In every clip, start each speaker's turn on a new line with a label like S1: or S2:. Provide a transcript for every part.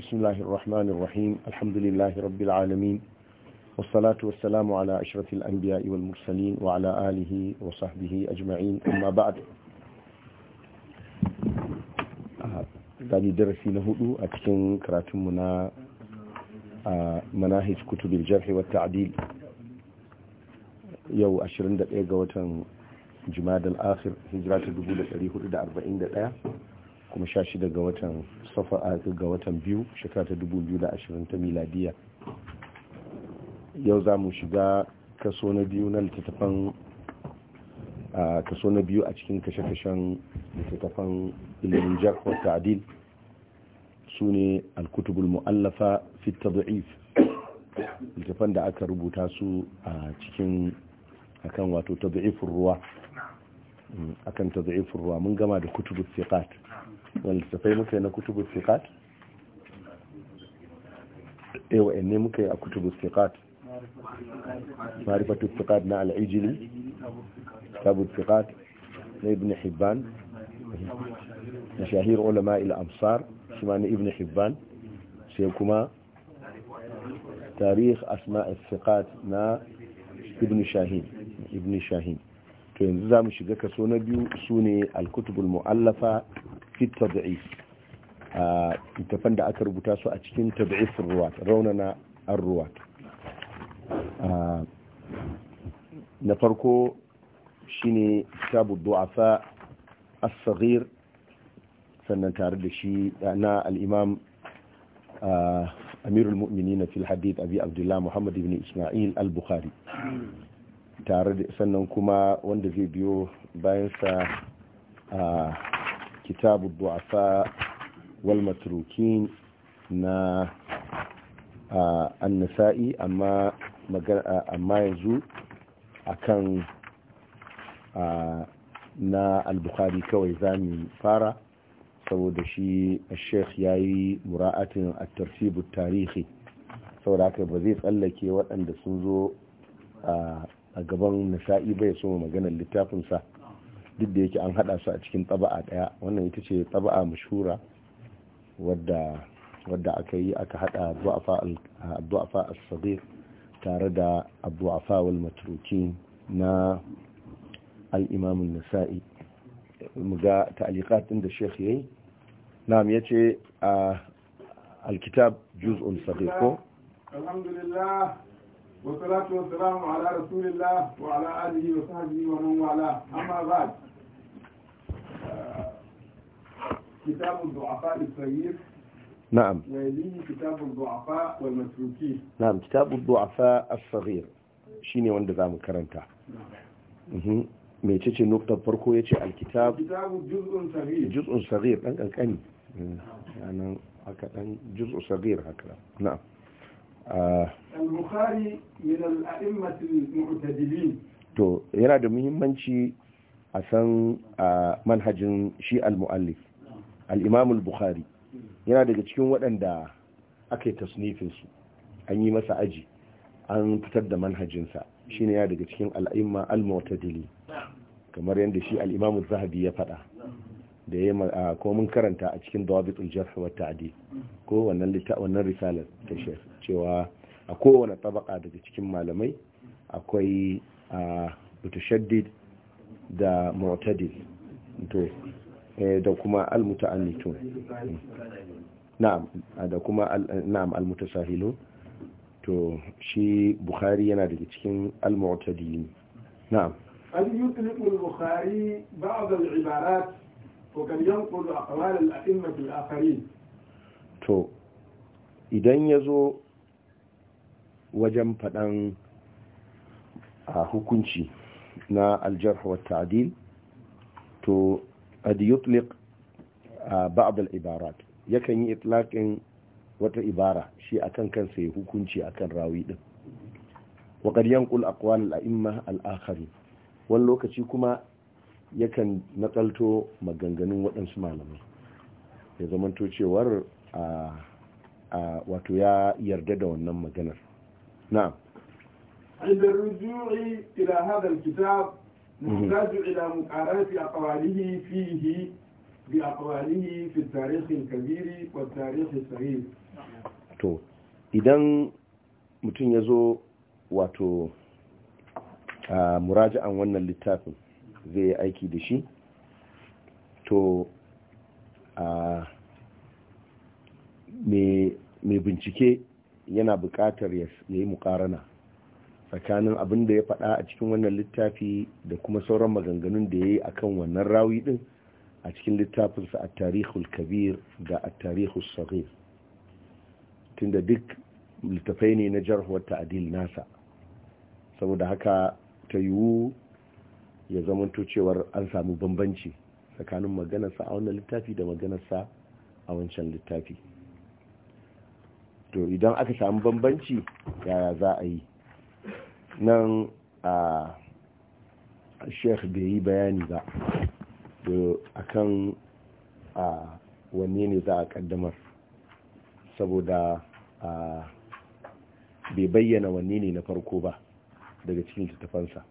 S1: بسم الله الرحمن الرحيم الحمد لله رب العالمين والصلاة والسلام على أشرف الأنبياء والمرسلين وعلى آله وصحبه أجمعين أما بعد ثاني درسي نهدو أتكن كراتمنا آه، مناهج كتب الجرح والتعديل يو أشرندت دقيقة جماد الآخر هجرات الدبولة أريه دا أربعين دقيقة kuma sha shida ga watan safa ga watan biyu shekara ta dubu biyu da ashirin ta miladiya yau za mu shiga kaso na biyu na littattafan kaso na biyu a cikin kashe-kashen littattafan ilimin jack wa ta'adil su ne alkutubul mu'allafa fit tad'if littattafan da aka rubuta su a cikin akan wato tad'ifur ruwa hmm, akan tad'ifur ruwa mun gama da kutubul thiqat wanda tafai muka na kutubu sikat ewa eh, ne muke a kutubu sikat
S2: marifatu sikat na
S1: al'ijili kitabu sikat na ibn hibban na shahir ulama il-amsar shi ma na ibn hibban sai kuma tarih asma'a sikat na ibn shahin ibn shahin to yanzu za mu shiga kaso na biyu su ne alkutubul mu'allafa fi tad'if a littafan da aka rubuta su a cikin tad'if ruwat raunana ar-ruwat na farko shine kitabu du'afa as sannan tare da shi na alimam imam amirul mu'minin fil hadith abi abdullah muhammad ibn isma'il al-bukhari tare da sannan kuma wanda zai biyo bayansa a kitabu du'afa wal matrukin na annasa'i amma amma yanzu akan na al-bukhari kawai zamu fara saboda shi sheikh ya yi mura'atin a tartibin tarihi saboda haka ba zai tsallake waɗanda sun zo a gaban nasa'i bai so maganar littafinsa duk da yake an hada su a cikin taba'a daya wannan ita ce taba'a mashura wadda wadda aka yi aka hada du'afa as sadiq tare da du'afa wal matruki na al-imam an-nasa'i muga ta'liqat din da sheikh yayi na'am yace ah, al-kitab juz'un sadiq ko
S3: والصلاة والسلام على رسول الله وعلى آله وصحبه ومن والاه أما بعد آه، كتاب الضعفاء الصغير نعم ويليه كتاب الضعفاء والمتروكين
S1: نعم كتاب الضعفاء الصغير شيني وند زامو كرنتا
S3: نعم
S1: mecece nuktar farko ya ce alkitab
S3: juz'un sagir
S1: صغير kankani a nan haka dan juz'un sagir haka na'am
S3: al-bukhari min al-a'immat al-mu'tadilin
S1: to yana da muhimmanci a san manhajin shi al-mu'allif al-imam al-bukhari yana daga cikin waɗanda aka yi su an yi masa aji an fitar da manhajinsa shi ne ya daga cikin al-a'imma al kamar yadda shi az zahabi ya faɗa da ya ko mun karanta a cikin dawabitul jarh wa ta'dil ko wannan wannan risalar ta shekh cewa a kowane tabaka daga cikin malamai akwai mutashaddid da mu'tadil to eh, da kuma almuta'annitun na'am da kuma na'am almutasahilun to shi bukhari yana daga cikin almu'tadilin na'am
S3: al yutliqu al-bukhari ba'd al-ibarat وقد ينقض أقوال الأئمة الآخرين
S1: to idan ya zo wajen faɗan hukunci na aljarh wa ta'dil to ad yutliq ba'd al ibarat yakan yi itlaqin wata ibara shi akan kansa ya hukunci akan rawi din wa qad yanqul aqwal al a'imma al akharin wani lokaci kuma yakan nakalto maganganun waɗansu malamai ya zama to cewar a wato ya yarda da wannan maganar na'am
S3: عند الرجوع إلى هذا الكتاب نحتاج إلى مقارنة a فيه fi tarihin التاريخ الكبير والتاريخ الصغير
S1: to idan mutum ya zo wato a muraja'an wannan littafin zai yi aiki da shi to a mai bincike yana buƙatar ya yi mukarana tsakanin abin da ya faɗa a cikin wannan littafi da kuma sauran maganganun da ya yi a kan wannan rawi ɗin a cikin littafinsa a tarihul kabir da a tarihul sahir tunda duk littafai ne na jarhuwar ta'adil nasa saboda haka ta yiwu ya zamanto cewar an samu bambanci tsakanin maganarsa a wannan littafi da maganarsa a wancan littafi to idan aka samu bambanci yaya za a yi nan a sheikh bai yi bayani ba to a wanne ne za a kaddamar saboda bai bayyana wanne ne na farko ba daga cikin littafansa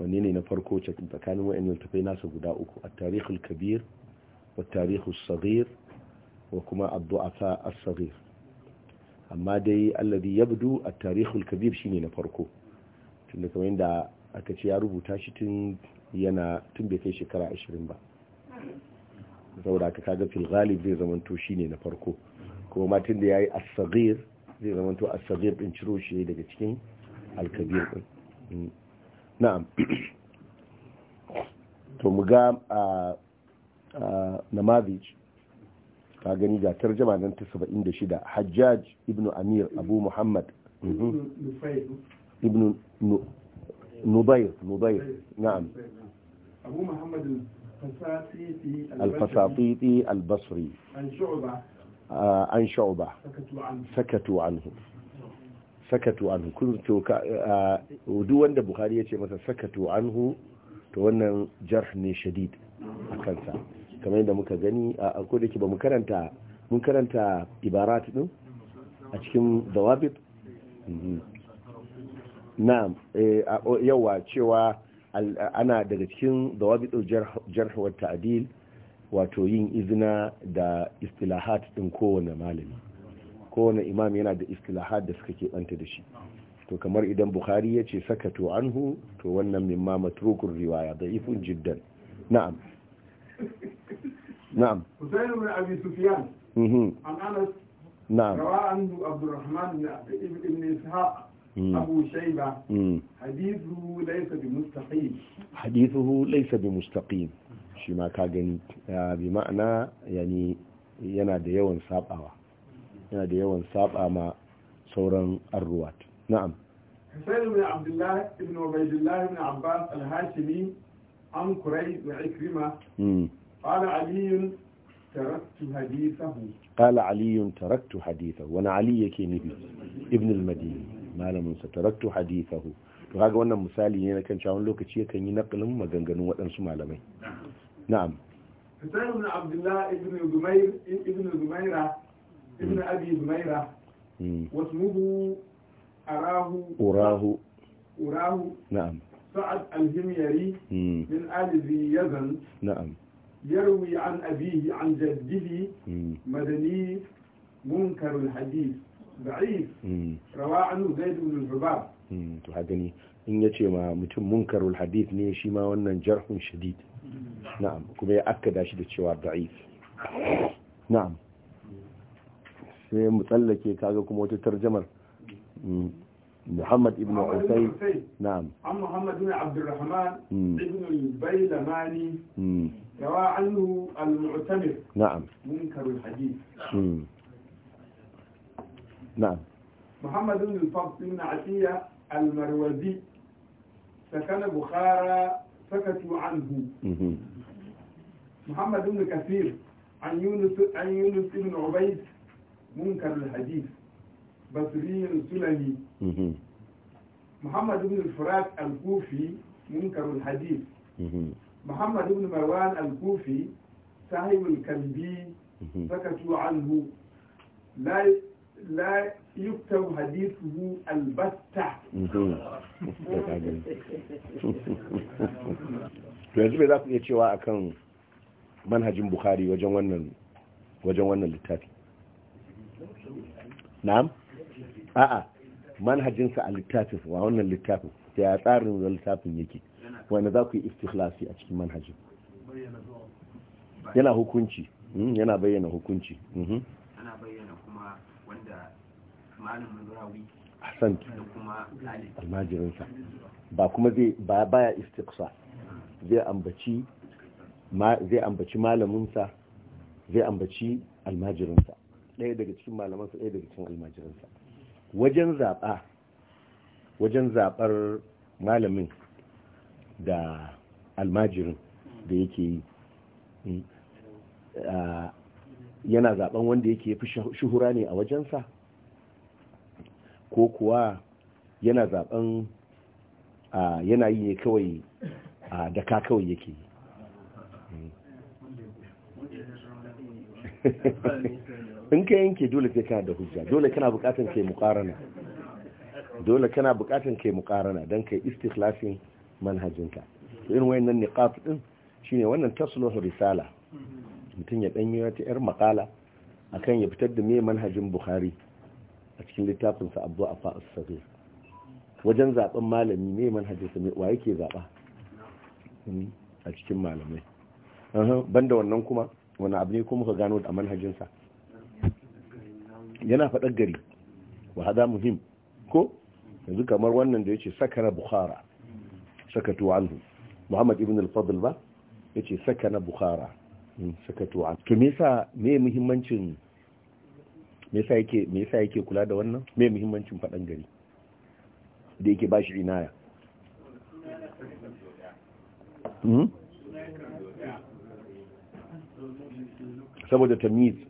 S1: wanne ne na farko tsakanin wa'annan tafai nasa guda uku a tarihul kabir wa tarihul saghir wa kuma abdu a as amma dai ya yabdu a tarihul kabir shine na farko tun da kamar yadda aka ce ya rubuta shi tun yana tun bai kai shekara ashirin ba saboda aka kaga fil ghalib zai zamanto shine na farko kuma matin da ya yi saghir zai zamanto as-saghir din ciro shi daga cikin alkabir kabir na'am to mu ga namavich ka gani ga tarjama nan ta 76 hajjaj ibn amir abu muhammad mhm. ibn nubayr nubayr na'am
S3: abu muhammad الفساطيطي
S1: البصري عن شعبة عن شعبة سكتوا عنه sakatu an kun to duk wanda bukhari ya ce masa sakatu anhu to wannan jarh ne shadid a kansa kamar yadda muka gani a ko da ke ba mu karanta mun karanta ibarat din a cikin dawabit mhm. na'am e, yawa cewa ana daga cikin dawabit jarh wa ta'dil wato yin izina da istilahat din kowane malami kowane imam yana da istilahat da suka keɓanta da shi to kamar idan bukhari ya ce saka to anhu to wannan mimma matrukun riwaya da ifin jiddan na'am na'am
S3: husayn bin abi sufyan mhm an anas na'am rawa an abdurrahman ibn ishaq mm. abu shayba mm. hadithu laysa bi mustaqim
S1: hadithu laysa bi mustaqim shi ma ka gani bi ma'ana yani yana da yawan sabawa yana da yawan saba ma sauran arruwat na'am
S3: sai bin Abdullah ibn ubaydullah ibn Abbas al-Hashimi am kurai wa Ikrima hmm. qala Ali taraktu hadithahu
S1: qala Ali taraktu hadithahu wa Ali yake nabi ibn al-Madini malamin sa taraktu hadithahu to kaga wannan misali ne na kan cewa lokaci yakan yi naqlin maganganun waɗansu malamai na'am
S3: sai bin Abdullah ibn Zumair ibn Zumaira ابن أبي هميرة واسمه أراه أراه أراه نعم سعد الهميري من آل ذي يزن نعم يروي عن أبيه عن جده مدني منكر الحديث ضعيف رواه عنه زيد بن الحباب
S1: to haka ne in ya ce ma mutum munkarul hadith ne shi ma wannan jarhun shadid na'am kuma ya akkada shi da cewa da'if na'am sai mu tsallake kaga kuma wata tarjamar mm. Muhammad ibn Usai na'am
S3: an Muhammad ibn Abdurrahman mm. ibn Baylamani dawa mm. annu al-mu'tamir na'am munkar al-hadith na'am Muhammad ibn Fadl ibn Atiya al-Marwazi sakana Bukhara sakatu anhu mm-hmm. Muhammad ibn Kathir an يونس عن يونس بن عبيد munkar الحديث بصري basri محمد بن الفرات الكوفي منكر الحديث munkar بن مروان الكوفي صاحب marwan سكتوا عنه لا لا يكتب حديثه البتة
S1: yanzu bai za ku iya cewa akan manhajin bukhari wajen wannan littafi na'am a'a manhajinsa a littafin wa wannan littafin da ya tsarin da littafin yake wanda za ku yi istikhlasi a cikin manhajin yana hukunci hmm, yana bayyana hukunci hmm. ana bayyana kuma wanda malamin rawi almajirinsa ba kuma zai ba baya istiqsa zai ambaci ma zai ambaci malaminsa zai ambaci almajirinsa ɗaya daga cikin malamansa ɗaya daga cikin almajiransa wajen zaɓa wajen zaɓar malamin da almajirin da yake yi mm, yana zaɓen wanda yake fi shuhura ne a wajensa ko kuwa yana zaɓen yana yi ne kawai da ka kawai yake yi in ka yanke dole sai kana da hujja dole kana bukatan kai muqarana dole kana bukatan kai muqarana dan kai istikhlasin manhajinka to irin wayannan niqat din shine wannan tasluhu risala mutum ya danyi wata yar makala akan ya fitar da me manhajin bukhari a cikin littafin sa abdu afa as-sabir wajen zaben malami me manhajin sa me wa yake zaba hmm, a cikin malamai banda wannan kuma wani abu ne kuma ka gano da manhajinsa. sa yana faɗar gari wa hada muhim ko yanzu kamar wannan da yace sakana bukhara sakatu anhu muhammad ibn al-fadl ba yace sakana bukhara hmm, sakatu anhu to me yasa me muhimmancin me yasa yake me yasa yake kula da wannan me muhimmancin faɗan gari da yake bashi inaya hmm? saboda tamiz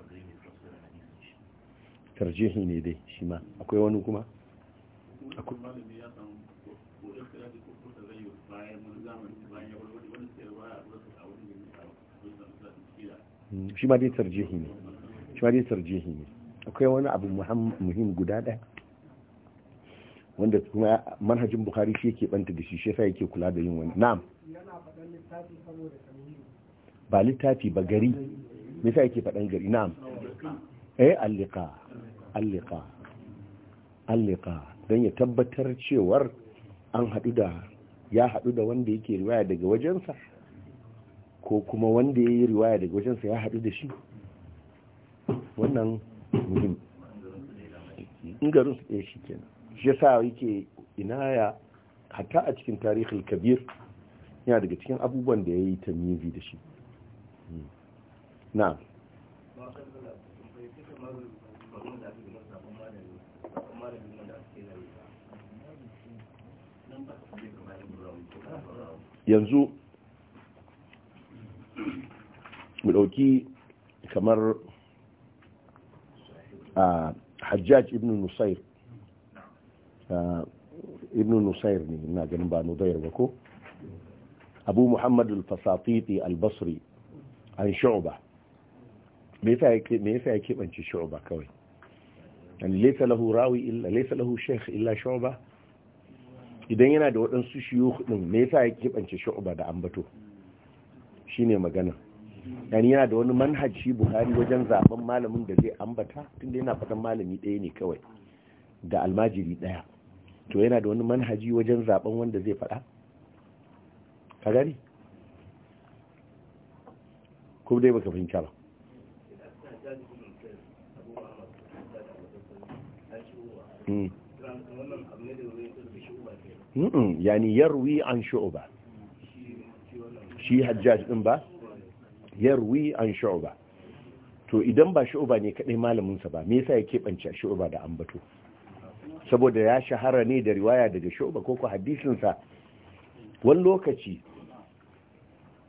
S1: tarjihi ne dai shi ma akwai wani kuma akwai shi ma dai tarjihi ne shi ma dai tarjihi ne akwai wani abu muhim guda ɗaya wanda kuma manhajin bukhari shi yake banta da shi shi yasa yake kula da yin wani na'am ba littafi ba gari me yasa yake faɗan gari na'am eh allika allika allika don ya tabbatar cewar an haɗu da ya haɗu da wanda yake riwaya daga wajensa ko kuma wanda ya yi riwaya daga wajensa ya haɗu da shi wannan muhim ingarin su ɗaya shi kenan shi ya sa yake inaya hatta a cikin tarihin kabir yana daga cikin abubuwan da ya yi ta da shi hmm. na yanzu mu dauki kamar a hajjaj ibn nusair ibn nusair ne na ganin ba nudair ba ko abu muhammad al-fasatiti al-basri an shu'ba me yasa ya keɓance shu'ba kawai laysa lahu rawi illa laysa lahu shaykh illa shu'ba idan yana da waɗansu shiyu ɗin me yasa ya keɓance sha'uba da ambato shine magana yani yana da wani manhaji buhari wajen zaben malamin da zai ambata tunda yana faɗan malami ɗaya ne kawai da almajiri ɗaya to yana da wani manhaji wajen zaben wanda zai faɗa ka gani ko dai baka fahimta ba hmm. yani yarwi an shu'ba
S2: shi hajjaj din
S1: ba yarwi an shu'ba to idan ba shu'ba ne kadai malamin sa ba me yasa ya kebance shu'ba da ambato saboda ya shahara ne da riwaya daga shu'ba ko ko hadisin sa wani lokaci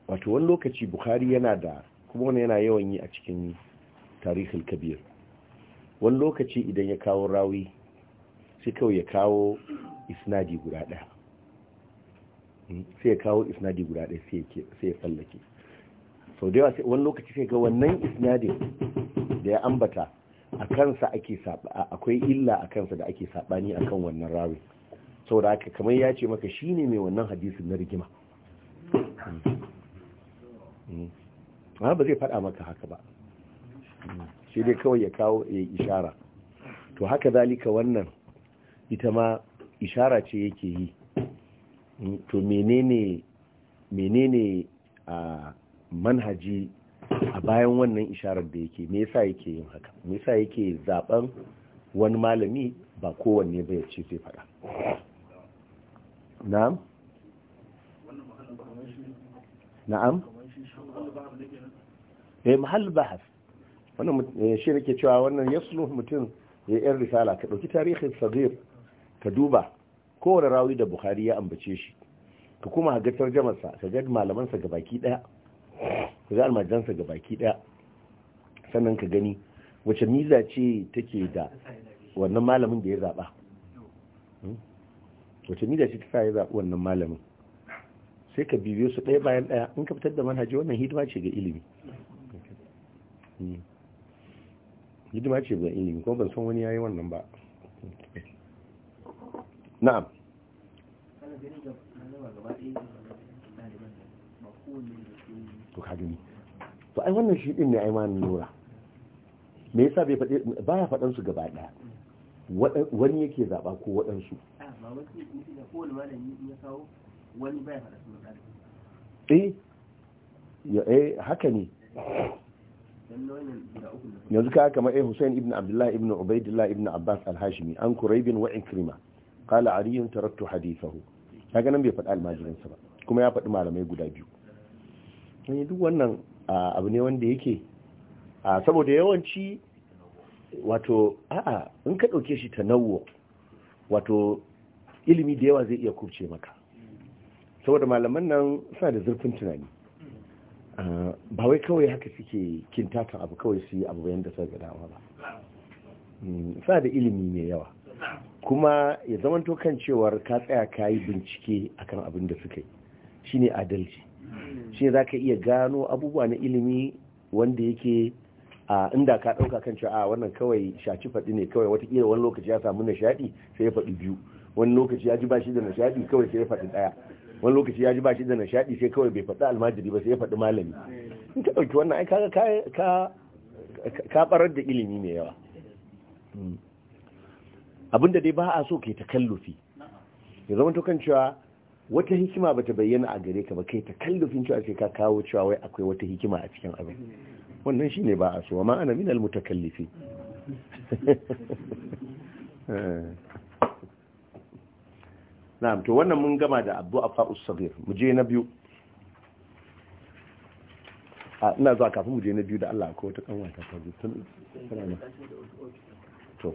S1: wato wani lokaci bukhari yana da kuma wani yana yawan yi a cikin tarihul kabir wani lokaci idan ya kawo rawi sai kawai ya kawo isnadi guda ɗaya hmm, sai ya kawo isnadi guda ɗaya sai ya tsallake sau da yawa wani lokaci sai ga wannan isnadin da ya ambata a kansa ake akwai illa a kansa da ake saɓani a kan wannan rawin sau da aka kamar ya ce maka shi ne mai wannan hadisin na rigima hmm. Hmm. ba zai faɗa maka haka ba sai dai kawai ya kawo ya ishara to haka zalika wannan ita ma ishara ce yake yi to menene menene a manhaji a bayan wannan isharar da yake me yasa yake yin haka me yasa yake zaben wani malami ba kowanne ba ya ce sai fada na'am na'am eh mahall bahas wannan eh, shi nake cewa wannan yaslu mutum ya yar risala ka dauki tarihin sagir ka duba kowane rawi da bukhari ya ambace shi ka kuma ga tarjamarsa ka ga malamansa ga baki daya ka ga almajansa ga baki daya sannan ka gani wace miza ce take da wannan malamin da ya zaba hmm? wace miza ce ta sa ya zaba wannan malamin sai ka bibiyo su ɗaya bayan ɗaya in ka fitar da manhaji wannan hidima ce ga ilimi hmm. hidima ce ga ilimi kuma ban san wani yayi wannan ba na'am to kagani to ai wannan shi din ne ai ma lura me yasa bai faɗe baya faɗan su gaba ɗaya wani yake zaba ko waɗansu eh eh haka ne yanzu ka kama eh Hussein ibn Abdullah ibn Ubaidillah ibn Abbas al-Hashimi an Quraib wa Ikrima qala ariyun taraktu hadithahu kaga nan bai faɗi sa ba kuma ya faɗi malamai guda biyu ne eh, duk wannan abu ne wanda yake saboda yawanci wato a'a in ka ɗauke shi ta nawo wato ilimi da yawa zai iya kubce maka saboda malaman nan suna da zurfin tunani ba wai kawai haka suke kintatan abu kawai su yi abu yadda suka ga dama ba hmm, suna da ilimi mai yawa kuma ya zamanto kan cewar ka tsaya ka yi bincike akan abin da suka yi shine adalci shi za ka iya gano abubuwa na ilimi wanda yake a inda ka ɗauka kan cewa a wannan kawai shaci faɗi ne kawai watakila wani lokaci ya samu nishaɗi sai ya faɗi biyu wani lokaci ya ji ba shi da nishaɗi kawai sai ya faɗi ɗaya wani lokaci ya ji ba shi da nishaɗi sai kawai bai faɗi almajiri ba sai ya faɗi malami in ka ɗauki wannan ai ka ka ka barar da ilimi mai yawa hmm. abinda dai ba a so kai kallufi. ya zama tukan kan cewa wata hikima ba ta bayyana a gare ka ba kai kallufin cewa sai ka kawo cewa wai akwai wata hikima a cikin abin wannan shi ne ba a so amma ana minal mutakallifi na'am to wannan mun gama da abu a fa'us sabir mu je na biyu a ina zuwa kafin mu je na biyu da Allah ko ta kanwa ta ta tun to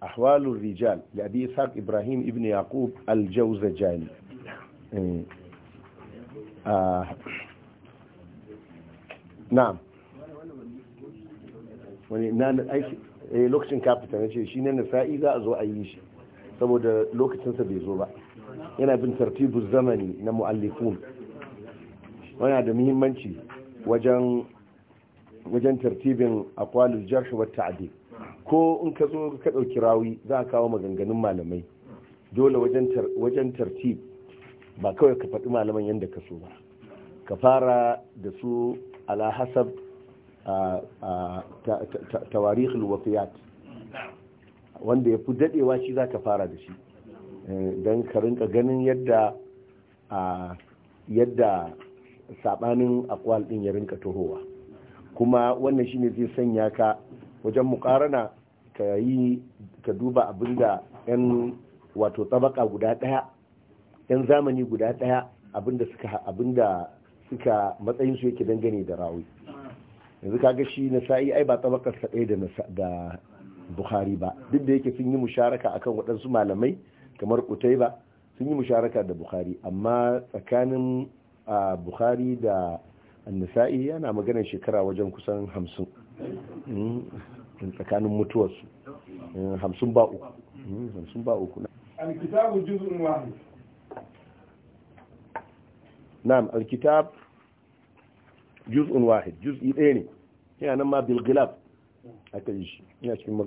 S1: ahwalur rijal da abi ibrahim ibn Yakub al-jawzajani eh, ah, na'am wani na aiki eh, lokacin kafita na ce shi ne nasa'i za a zo a yi shi saboda lokacinsa bai zo ba yana bin tartibu zamani na mu'allifun wana da muhimmanci wajen tartibin akwalul jarh wa ko in ka zo ka ɗauki rawi za a kawo maganganun malamai dole wajen tartib ba kawai ka faɗi malaman yadda ka so ba ka fara da su ala hasab tawarihul wafiyat wanda ya fi daɗewa shi za ka fara da shi eh, don ka rinka ganin yadda yadda saɓanin akwal ɗin ya rinka tohowa kuma wannan shi ne zai sanya ka wajen mukarana ka yi ka duba abin da 'yan wato tsabaka guda ɗaya 'yan zamani guda ɗaya abin da suka abin matsayin su yake dangane da rawi yanzu ka ga shi na sa'i ai ba tsabakar sa ɗaya da buhari ba duk da yake sun yi musharaka akan waɗansu malamai kamar ba sun yi musharaka da buhari amma tsakanin buhari da annasa'i yana maganar shekara wajen kusan hamsin hmm. tsakanin mutuwarsu hamsin ba uku hamsin ba uku
S3: alkitabu juz'un wahid
S1: na'am alkitab juz'un wahid juz'i ɗaya ne yana nan ma bil ghilab aka yi shi ina cikin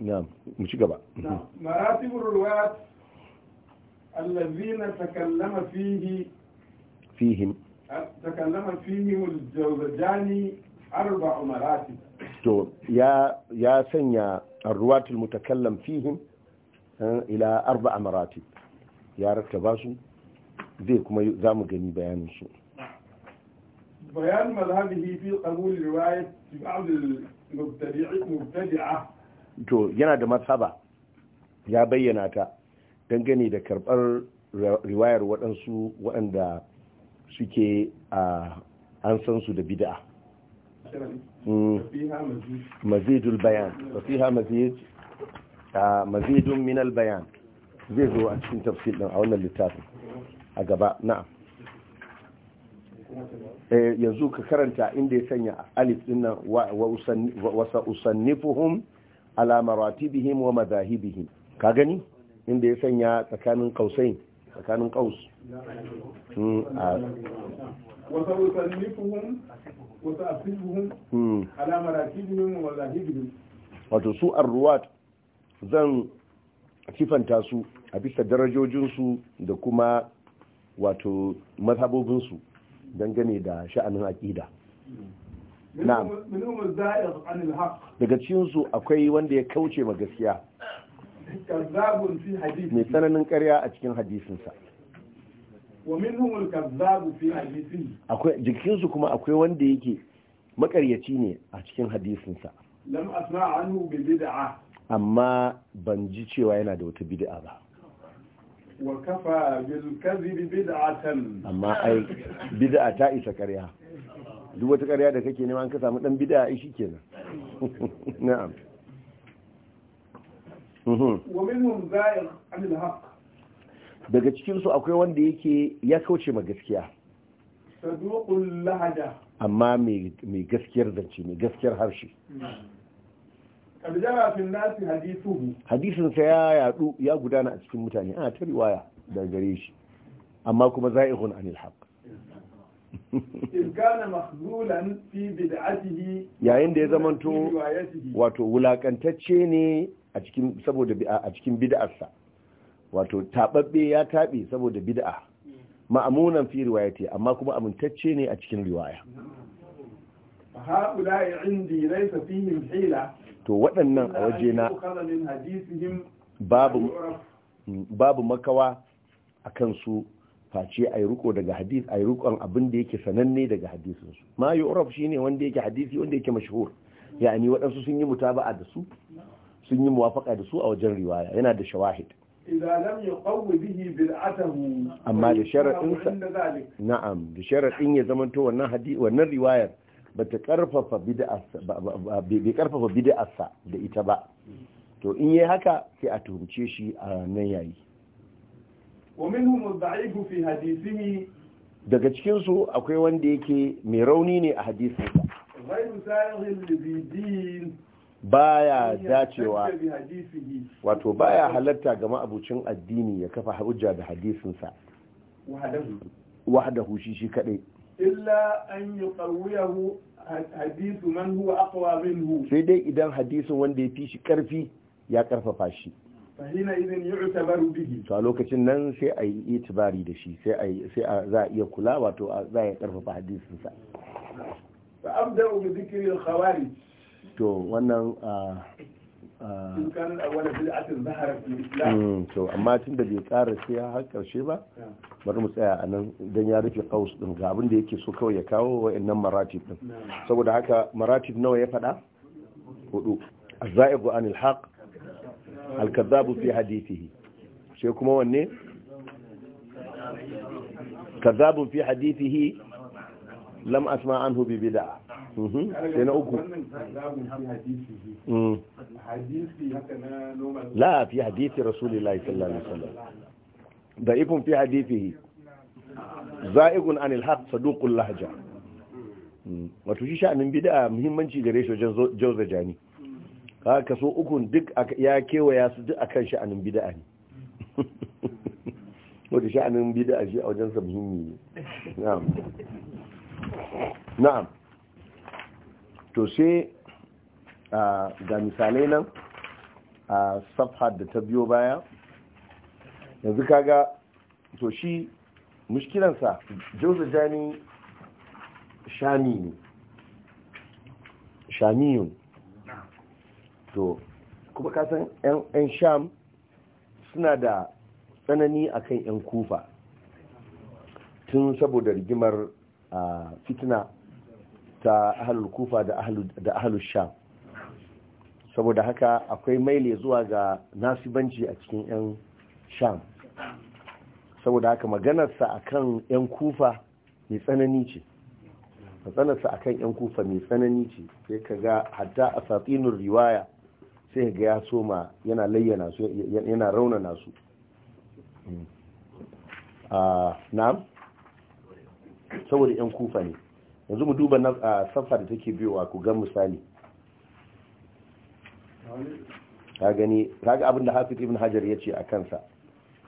S1: na'am mu ci gaba
S3: maratibur ruwat allazina takallama fihi fihim takallama fihim al-jawzajani arba maratib
S1: to ya ya sanya arruwatul mutakallam fihim eh, ila arba'a maratib ya rattaba su zai kuma za mu gani bayanin su
S3: bayan mazhabihi fi qabul riwayat ba'd al-mubtadi'a
S1: to yana da mazhaba ya bayyana ta dangane da karbar riwayar waɗansu waɗanda suke a ah, an san su da bid'a مزيد البيان وفيها zai zo a cikin tafsir ɗin a wannan littafin a gaba eh, yanzu ka karanta inda ya sanya alif ɗinnan nan wa sa'usannifuhum ala maratibihim wa madahibihim ka gani inda ya sanya tsakanin kausain tsakanin kaus hmm, wato su arruwat zan kifanta su a bisa darajojinsu da kuma wato mazhabobinsu dangane da sha'anin aƙida daga cikinsu akwai wanda ya kauce ma gaskiya mai tsananin karya a cikin hadisinsa akwai jikinsu kuma akwai wanda yake makaryaci ne a cikin hadisinsa
S3: lam asma anhu bi bid'a
S1: amma ban ji cewa yana da wata bid'a ba
S3: wa kafa bil kadhib bid'atan amma ai
S1: bid'a ta isa ƙarya duk wata ƙarya da kake neman an ka samu dan bid'a ai shikenan na'am wa
S3: minhum za'iq anil haqq
S1: daga cikinsu akwai wanda yake ya kauce ma gaskiya amma mai gaskiyar zance mai gaskiyar harshe hadisinsa ya yadu ya gudana a cikin mutane
S3: ana ta riwaya
S1: da gare shi amma kuma za'ihun anil haq
S3: yayin da ya zamanto wato
S1: wulakantacce ne a cikin saboda a cikin bid'arsa wato taɓaɓɓe ya taɓe saboda bid'a ma'amunan fi riwayati amma kuma amintacce ne a cikin riwaya to waɗannan a wajena babu mm, babu makawa a kansu face a yi riko daga hadith a yi rikon abin da yake sananne daga hadisinsu ma yi uraf shi ne wanda yake hadisi wanda yake mashahur. Ya'ani waɗansu sun yi mutaba'a da su sun yi muwafaka da su a wajen riwaya yana da shawahid
S3: amma da sharaɗinsa
S1: na'am da sharaɗin ya zamanto wannan hadi wannan riwayar bata karfafa bid'arsa bai karfafa bid'arsa da ita ba to in yi haka sai a tuhumce shi a nan yayi daga cikinsu akwai wanda yake mai rauni ne a hadisinsa baya dacewa
S3: wato baya halatta
S1: ga ma'abucin addini ya kafa hujja da hadisinsa wahdahu shi shi kadai
S3: illa an yi yuqawiyahu hadisu man huwa aqwa minhu
S1: sai dai idan hadisin wanda ya fi shi karfi ya karfafa shi
S3: fahina idan yu'tabaru bihi
S1: to a lokacin nan sai a yi itibari da shi sai a sai za a iya kula wato za a karfafa hadisinsa
S3: fa abda'u bi dhikri al-khawarij
S1: to wannan mm, to amma tun da bai kara sai ya har karshe ba bari mu tsaya a nan don ya rufe kaus din ga abin da yake so kawai ya kawo wa'annan maratib din saboda haka maratib nawa ya faɗa hudu az-za'ibu anil haqq al-kadhabu fi hadithihi sai kuma wanne Kazabu fi hadithihi lam asma anhu bi bid'ah Mhm. sai na uku mm. la fi hadisi rasulullahi sallallahu alaihi wasallam da ifin fi hadisihi za'igun anil haq saduqul lahja mm. wato shi sha'anin bid'a muhimmanci gare shi wajen jauza jani haka so ukun duk ya kewaya su duk akan sha'anin bid'a ne wato sha'anin bid'a shi a wajen sa muhimmi ne na'am na'am to sai ga misalai nan a safhar da ta biyo baya yanzu kaga to shi mushkilansa jani shami ne shamiyun to kuma kasan 'yan sham suna da tsanani akan 'yan kufa tun saboda rigimar fitina ta ahalul kufa da ahalul sha saboda haka akwai maile zuwa ga nasibanci a cikin 'yan sham saboda haka maganarsa a kan 'yan kufa mai tsanani ce matsanarsa a kan 'yan kufa mai tsanani ce sai ka ga hatta a satsinin riwaya sai ga ya soma yana layyana su yana raunana su hmm. ah, na'am saboda 'yan kufa ne yanzu mu duba na safa da take biyowa ku gan misali ka gani kaga abin da hafiz ibn hajar ya ce a kansa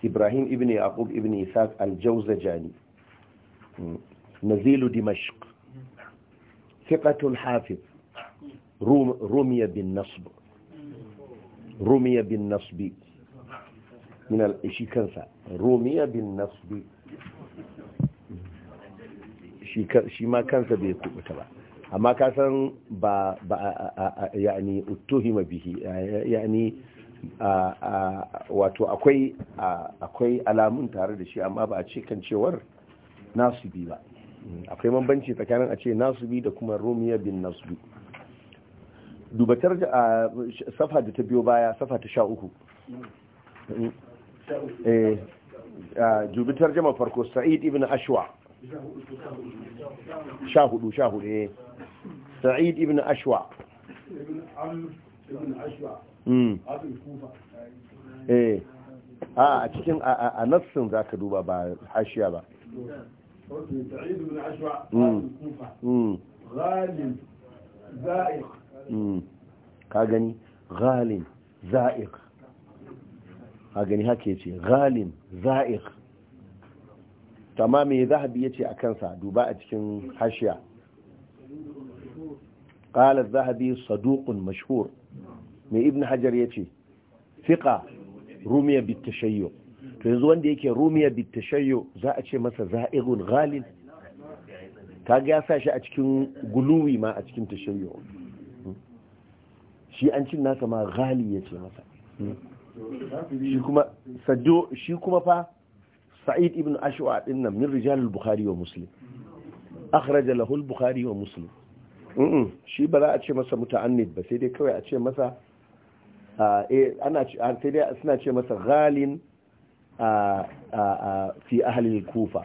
S1: ibrahim ibn yaqub ibn isaac al-jawzajani hmm. nazilu dimashq thiqatul hafiz rumiya bin nasb rumiya bin nasbi min al-ishi kansa rumiya bin nasbi shi ma kansa bai kubuta ba amma ka san ba yani utuhima bihi yani wato akwai akwai alamun tare da shi amma ba a ce kan cewar nasubi ba akwai bambanci tsakanin a ce nasubi da kuma rumiya bin nasubi dubatar da safa da ta biyo baya safa ta sha uku eh, dubatar jama farko sa'id ibn ashwa sha hudu sha hudu ne eh. sa'id ibn ashwa hmm. eh ah, a cikin a nassin za ka duba ba hashiya ba
S3: سعيد بن عشوع
S1: الكوفة kama mai zahabi ya ce a kansa duba a cikin hashiya ƙala zahabi saduqun mashhur me ibn hajar ce, fiƙa rumiya bit tashayyu to yanzu wanda yake rumiya bittashayyo za a ce masa za'irun ghalin ta ya sa shi a cikin guluwi ma a cikin tashayyo. shi an cin nasa ma ghali ya ce masa shi kuma fa سعيد بن أشوع إن من رجال البخاري ومسلم أخرج له البخاري ومسلم شي بلا أتشي مثلا متعند بس يدي كوي أتشي مسا آه، إيه، أنا أتشي أثناء آه، أتشي مثلا غال آه، في أهل الكوفة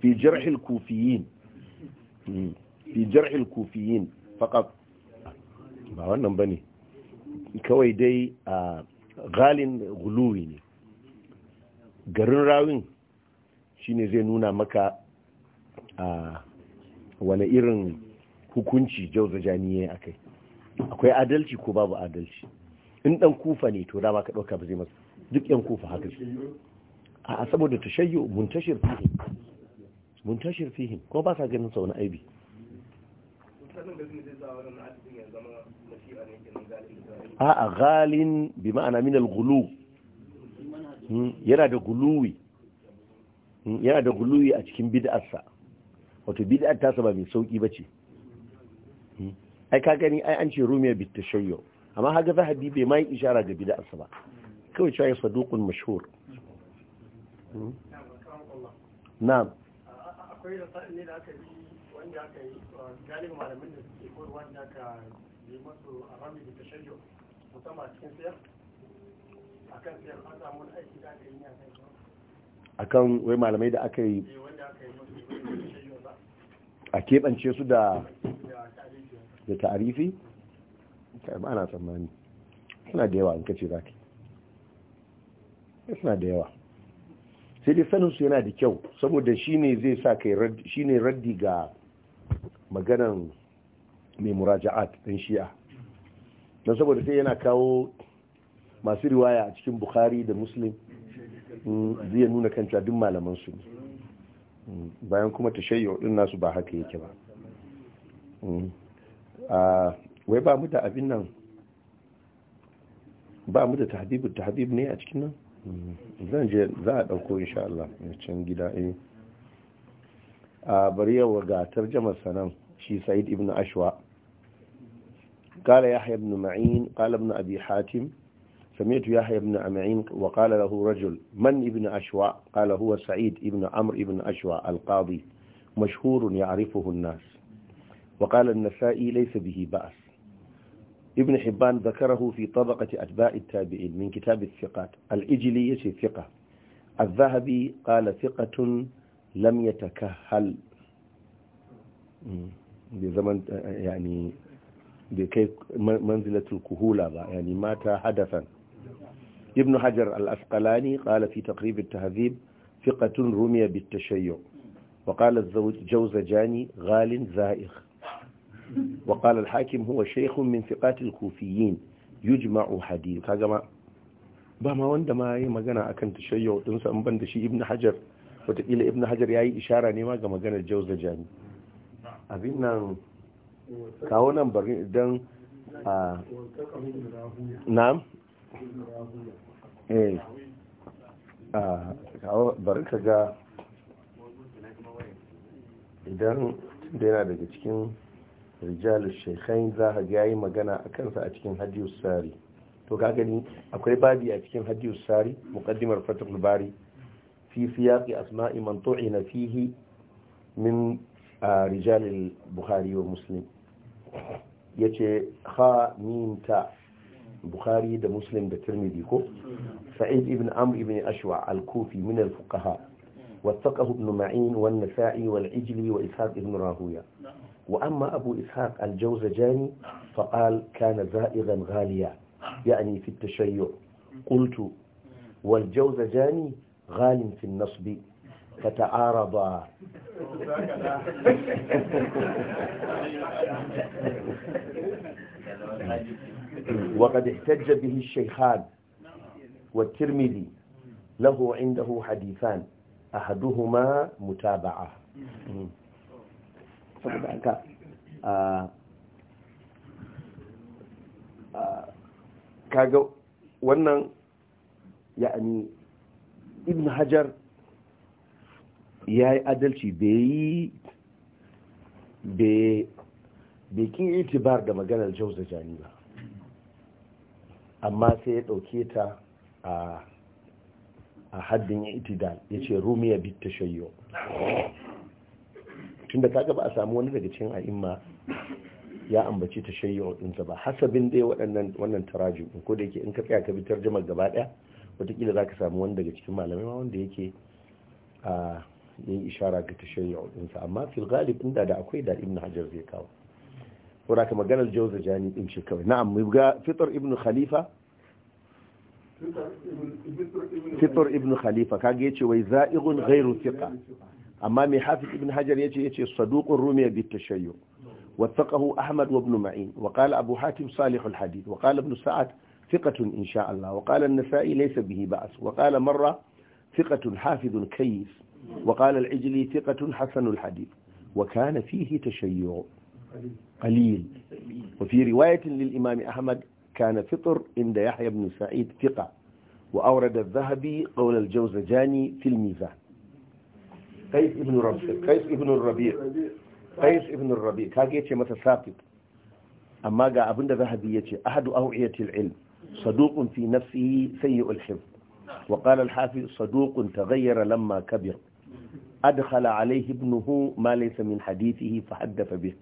S1: في جرح الكوفيين في جرح الكوفيين فقط ما هو بني kawai dai a galin guluwi ne garin rawin shine zai nuna maka a wane irin hukunci jauzajani Jami'ai a kai akwai adalci ko babu adalci in dan kufa ne to dama ka ɗauka ba zai masa duk yan kufa haka su a saboda tashayyo muntashir fihim muntashir fihim ko ba sa ganin sa wani aibi a ghalin bi ma'ana min al-ghulu hmm, yana da guluwi hmm, yana da guluwi a cikin bid'arsa wato bid'ar ta ba mai sauki bace hmm, ai ka gani ai an ce rumiya bit tashayyu amma haka zahabi bai mai ishara ga bid'arsa ba kawai cewa ya saduqun mashhur na'am akwai da ne da aka yi wanda aka yi uh, galibin malamin da suke koyarwa da ka yi masu arami da tashayyu akan wai malamai da aka yi
S3: eh,
S1: a keɓance su da da ta'arifi ba ana tsammani suna da yawa in kace za ka yi eh, suna da yawa sai dai saninsu yana da kyau saboda shi ne zai sa kai shi ne raddi ga maganan mai muraja'at ɗin shi'a don saboda sai yana kawo masu riwaya a cikin bukhari da muslim mm, zai nuna kan duk malaman su mm, bayan kuma ta tashayyo din nasu ba haka yake ba mm, wai ba mu da abin nan ba mu da tahdibu tahdib ne a cikin nan zan je za a ɗauko insha Allah can gida eh a bari yawa ga tarjamar sanan shi Said ibn Ashwa قال يحيى بن معين قال ابن أبي حاتم سمعت يحيى بن معين وقال له رجل من ابن أشوع قال هو سعيد ابن عمرو ابن أشوع القاضي مشهور يعرفه الناس وقال النسائي ليس به بأس ابن حبان ذكره في طبقة أتباع التابعين من كتاب الثقات الإجلي ثقة الذهبي قال ثقة لم يتكهل بزمن يعني bai kai manzilatul kuhula ba yani mata hadafan ibnu hajar al-asqalani qala fi taqrib at tahzib fiqatun rumiya bit-tashayyu wa qala az-jawzajani ghalin za'ikh wa qala al-hakim huwa shaykhun min fiqat al kufiyyin yujma'u hadith kaga ma ba ma wanda ma yayi magana akan tashayyu din sa ban da shi ibnu hajar wata kila ibnu hajar yayi ishara ne ma ga maganar jawzajani abin nan kawo nan bari idan a na eh a kawo bari ka ga idan da yana daga cikin rijalu shekhain za ka ga yi magana a kansa a cikin hadiyu sari to ka gani akwai babi a cikin hadiyu sari mukaddimar fatul bari fi siyaqi asma'i man tu'ina fihi min آه، رجال البخاري ومسلم يتي خا ميم تا بخاري ده مسلم ده ترمذي كو سعيد ابن عمرو ابن اشوع الكوفي من الفقهاء واتقه ابن معين والنسائي والعجلي واسحاق ابن راهويه واما ابو اسحاق الجوزجاني فقال كان زائغا غاليا يعني في التشيع قلت والجوزجاني غال في النصب تتعارضا وقد احتج به الشيخان والترمذي له عنده حديثان أحدهما متابعة آه، آه، كاغو ونن يعني ابن حجر ya yi adalci bai ƙi itibar da maganar jauz da jani ba amma sai ya ɗauke ta a haddin ya itidal ya ce rumiya bit ta shayyo tun da kaga a samu wani daga cikin a'imma ya ambaci ta shayyo ɗinsa ba hasabin dai waɗannan wannan taraji ko da yake in ka tsaya ka bitar jima gaba ɗaya wataƙila za ka samu wani daga cikin malamai ma wanda yake a ni ishara ga tashayyu din ɗinsa amma fil galib inda da akwai da ibnu hajar zai kawo saboda ka maganar jawza jani din shi kawai na'am mu ga fitr ibnu khalifa fitr ibnu khalifa ka ga yace wai za'igun ghairu thiqa amma mai hafiz ibnu hajar yace yace saduqur rumi bi tashayyu wa thaqahu ahmad wa ibnu ma'in wa qala abu hatim salih al hadith wa qala ibnu sa'ad ثقة إن شاء الله وقال النسائي ليس به بأس وقال مرة ثقة حافظ كيس وقال العجلي ثقة حسن الحديث وكان فيه تشيع قليل وفي رواية للإمام أحمد كان فطر عند يحيى بن سعيد ثقة وأورد الذهبي قول الجوزجاني في الميزان قيس ابن ربيع قيس ابن الربيع قيس ابن الربيع كاجي يتي متى ساقط أما جاء أبن ذهبي يتي أحد أوعية العلم صدوق في نفسه سيء الحفظ وقال الحافظ صدوق تغير لما كبر أدخل عليه ابنه ما ليس من حديثه فحدث به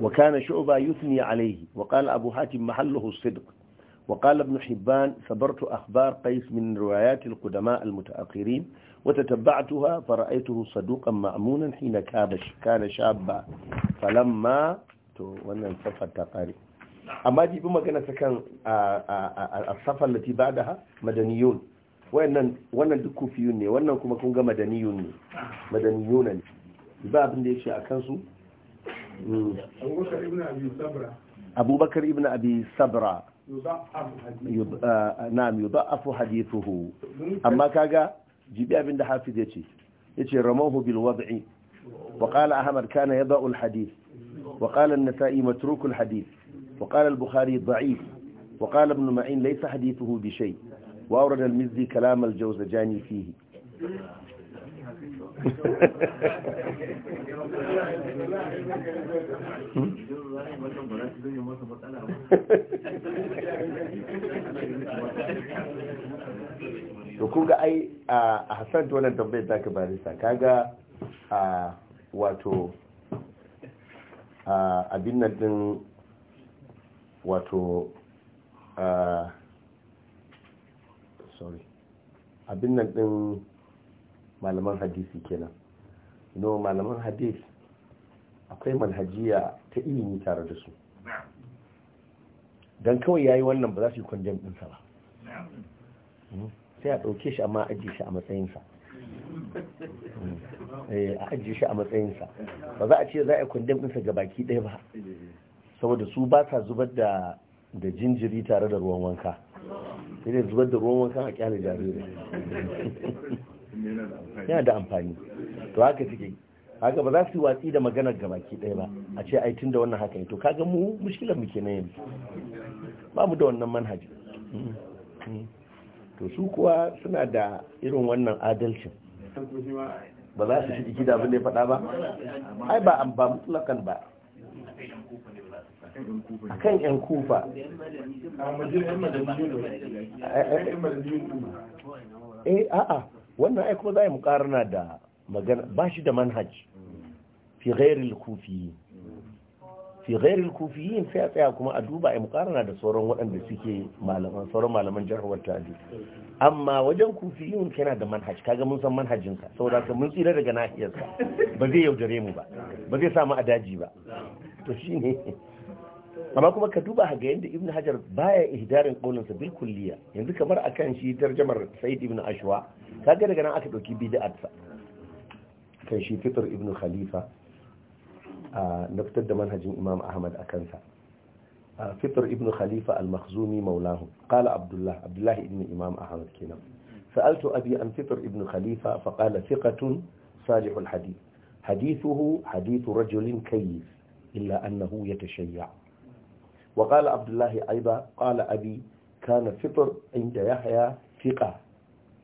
S1: وكان شعبة يثني عليه وقال أبو حاتم محله الصدق وقال ابن حبان صبرت أخبار قيس من روايات القدماء المتأخرين وتتبعتها فرأيته صدوقا مأمونا حين كان شابا فلما wannan safar ta أما amma jibi magana التي بعدها مدنيون wannan duk kufiyun ne wannan kuma kun ga madaniyun ne madaniyuna ne ba abin da ya ce a kansu hmm. abubakar ibn abi sabra uh, na'am yudha'afu hadithuhu amma kaga jibi abin da hafiz ya ce yace ramahu bil wad'i wa qala ahmad kana yada'u al hadith wa qala an-nasa'i matruku al hadith wa qala al-bukhari da'if wa qala ibn ma'in laysa hadithuhu bi shay' وأورد المزي كلام الجوز جاني فيه to ga ai a hassan ta wannan tambayar da ka barista kaga a wato abin nan din wato a sorry abin nan din malaman hadisi kenan no malaman hadis akwai manhajiya ta ilimi tare da su don kawai yayi wannan ba za su yi kwanjam ɗinsa ba hmm? sai a ɗauke shi amma ajiye shi a matsayinsa
S2: hmm.
S1: eh, a ajiye shi a matsayinsa ba za a ce za a yi kwanjam ɗinsa ga baki ɗaya ba saboda su ba sa zubar da jinjiri tare da ruwan wanka sai zubar da ruwan wankan a kyale jarirai. yana da amfani to haka take haka ba za su yi watsi da maganar gabaki ɗaya ba a ce ai tun da wannan haka ne to kaga mu mushkilar muke na yanzu ba mu da wannan manhaji to su kuwa suna da irin wannan adalcin
S2: ba za su shi gida abin da ya faɗa ba ai ba an
S1: ba mutlakan ba
S2: kan yan kufa
S1: eh a'a wannan ai kuma za a yi mukarana da magana ba shi da manhaj fi ghairil kufiyin fi ghairil kufiyin sai a tsaya kuma a duba ai mu karana da sauran waɗanda suke malaman sauran malaman jarhuwar tadi amma wajen yin yana da manhaj kaga mun san manhajin sa saboda ka mun tsira daga nahiyar ba zai yaudare mu ba ba zai samu adaji ba to shine amma kuma ka duba ga yadda ibn hajar baya ihdarin kaulinsa bil kulliya yanzu kamar akan shi tarjamar sa'id ibn ashwa kaga daga nan aka dauki bid'atsa kan shi fitr ibn khalifa na fitar da manhajin imam ahmad a kansa fitr ibn khalifa al-makhzumi maulahu qala abdullah abdullah ibn imam ahmad kenan sa'altu abi an fitr ibn khalifa fa qala thiqatun salihul hadith hadithuhu hadith rajulin kayyis illa annahu yatashayya' وقال عبد الله أيضا قال أبي كان فطر عند يحيى ثقة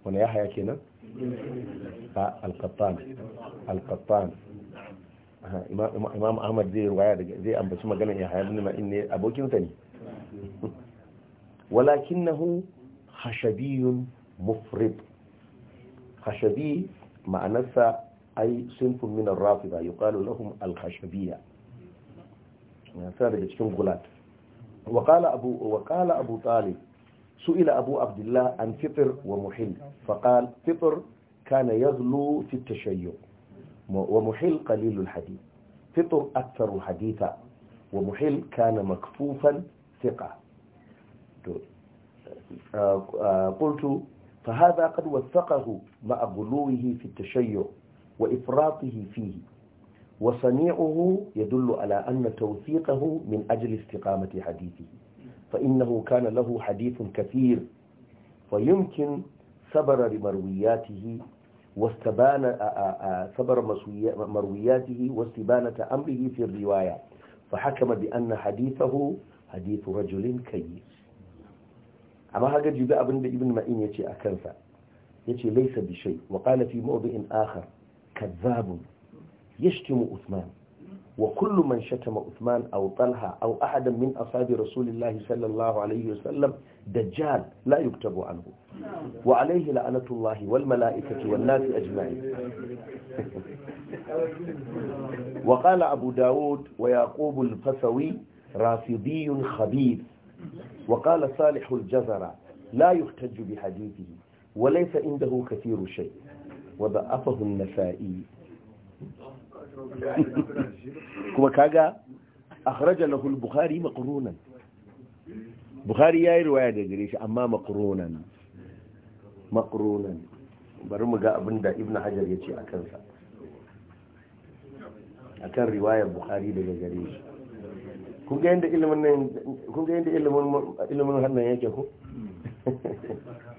S1: هنا يحيى كنا القطان القطان imam ahmad zai ruwaya daga zai ambaci maganar ya hayar nuna inne abokinsa ne walakin nahu hashabiyun mufrid hashabi ma'anarsa ai sinfin minar rafi ba yi ƙwalo lahum alhashabiya suna daga cikin gulat وقال أبو, وقال أبو طالب سئل أبو عبد الله عن فطر ومحل فقال فطر كان يغلو في التشيع ومحل قليل الحديث فطر أكثر حديثا ومحل كان مكفوفا ثقة قلت فهذا قد وثقه مع غلوه في التشيع وإفراطه فيه وصنيعه يدل على أن توثيقه من أجل استقامة حديثه فإنه كان له حديث كثير فيمكن سبر لمروياته واستبان سبر مروياته واستبانة أمره في الرواية فحكم بأن حديثه حديث رجل كيس أما هذا جباء ابن مأين يتي أكنفا يتي ليس بشيء وقال في موضع آخر كذاب يشتم عثمان وكل من شتم عثمان أو طلحة أو أحدا من أصحاب رسول الله صلى الله عليه وسلم دجال لا يكتب عنه وعليه لعنة الله والملائكة والناس أجمعين وقال أبو داود ويعقوب الفسوي رافضي خبيث وقال صالح الجزرة لا يحتج بحديثه وليس عنده كثير شيء وضعفه النسائي
S2: kuma kaga
S1: akhraja lahu al-bukhari maqrunan bukhari yayi riwaya da gare shi amma maqrunan maqrunan bari mu ga abinda ibnu hajar yace akan sa akan riwayar bukhari daga gare shi kun ga yanda ilimin nan kun ga ilimin ilimin hannan yake ko